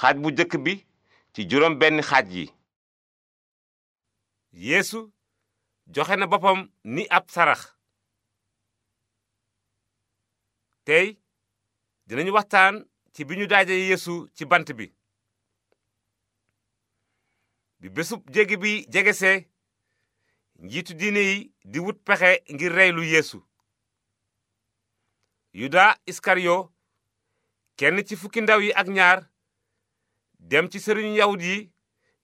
xaaj bu njëkk bi ci juróom benn xaaj yi yeesu joxe na boppam ni ab sarax tey dinañu waxtaan ci bi ñu daaje yeesu ci bant bi bi bésub jéggi bi jegesee njiitu diine di wut pexe ngir rey yéesu yeesu yuda iskariyo kenn ci fukki ndaw yi ak ñaar dem ci sëriñu yawut yi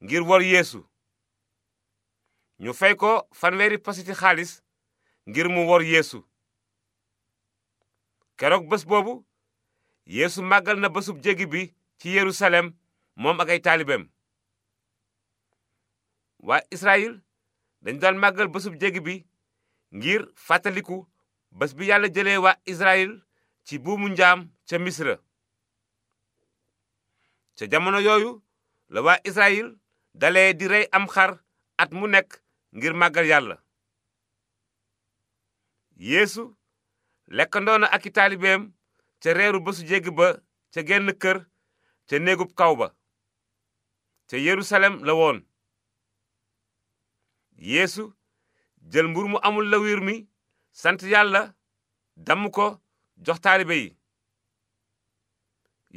ngir wor yeesu ñu fay ko fanweeri pasiti xaalis ngir mu wor yéesu keroog bés boobu yéesu màggal na bésub jéggi bi ci yerusalem moom ak ay taalibeem waa israyil dañu daan màggal bésub jéggi bi ngir fàttaliku bés bi yàlla jëlee waa israyil ci buumu njaam ca misra ca jamono yooyu la waa Israël dale di rey am xar at mu nekk ngir màggal yàlla. yéesu lekkandoona ak i taalibeem ca reeru bésu jéggi ba ca genn kër ca néegub kaw ba ca Yerusalem la woon. yéesu jël mbur mu amul la wiir mi sant yàlla damm ko jox taalibe yi.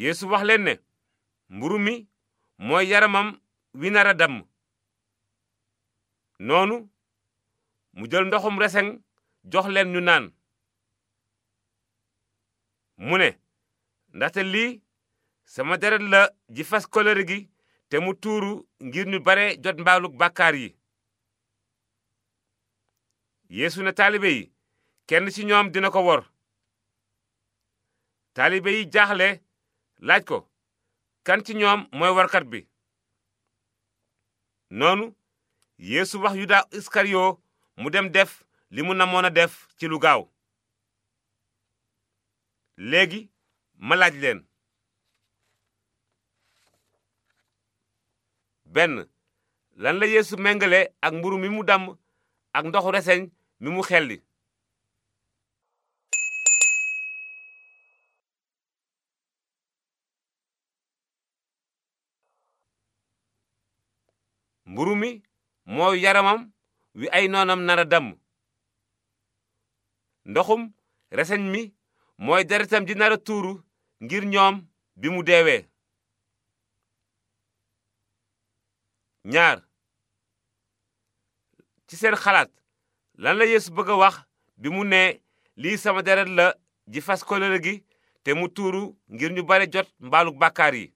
Yeesu wax ne. mburu mi mooy yaramam wi nar a damm noonu mu jël ndoxum reseŋ jox leen ñu naan mu ne ndaxte lii sama deret la ji fas kolere gi te mu tuuru ngir ñu bare jot mbaalug bàkkaar yi yéesu ne taalibe yi kenn ci ñoom dina ko wor taalibe yi jaaxle laaj ko kan ci ñoom mooy warkat bi noonu yéesu wax yuda iskariyo mu dem def li mu namoon a def ci lu gaaw léegi ma laaj leen benn lan la yéesu méngale ak mburu mi mu damm ak ndoxu reseñ mi mu xelli mburu mi mooy yaramam wi ay noonam nara damm ndoxum reseñ mi mooy deretam ji nar a tuuru ngir ñoom bi mu deewee ñaar ci seen xalaat lan la yeesu bëgg a wax bi mu nee lii sama deret la ji fas kóllëre gi te mu tuuru ngir ñu bare jot mbaalu bàkkaar yi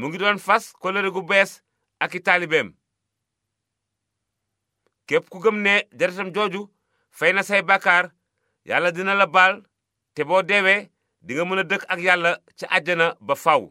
mu ngi doon fas kóllëre gu bees ak i taalibeem képp ku gëm ne deretam jooju fay na say bàkkaar yàlla dina la baal te boo deewee dinga mën a dëkk ak yàlla ca àjjana ba faw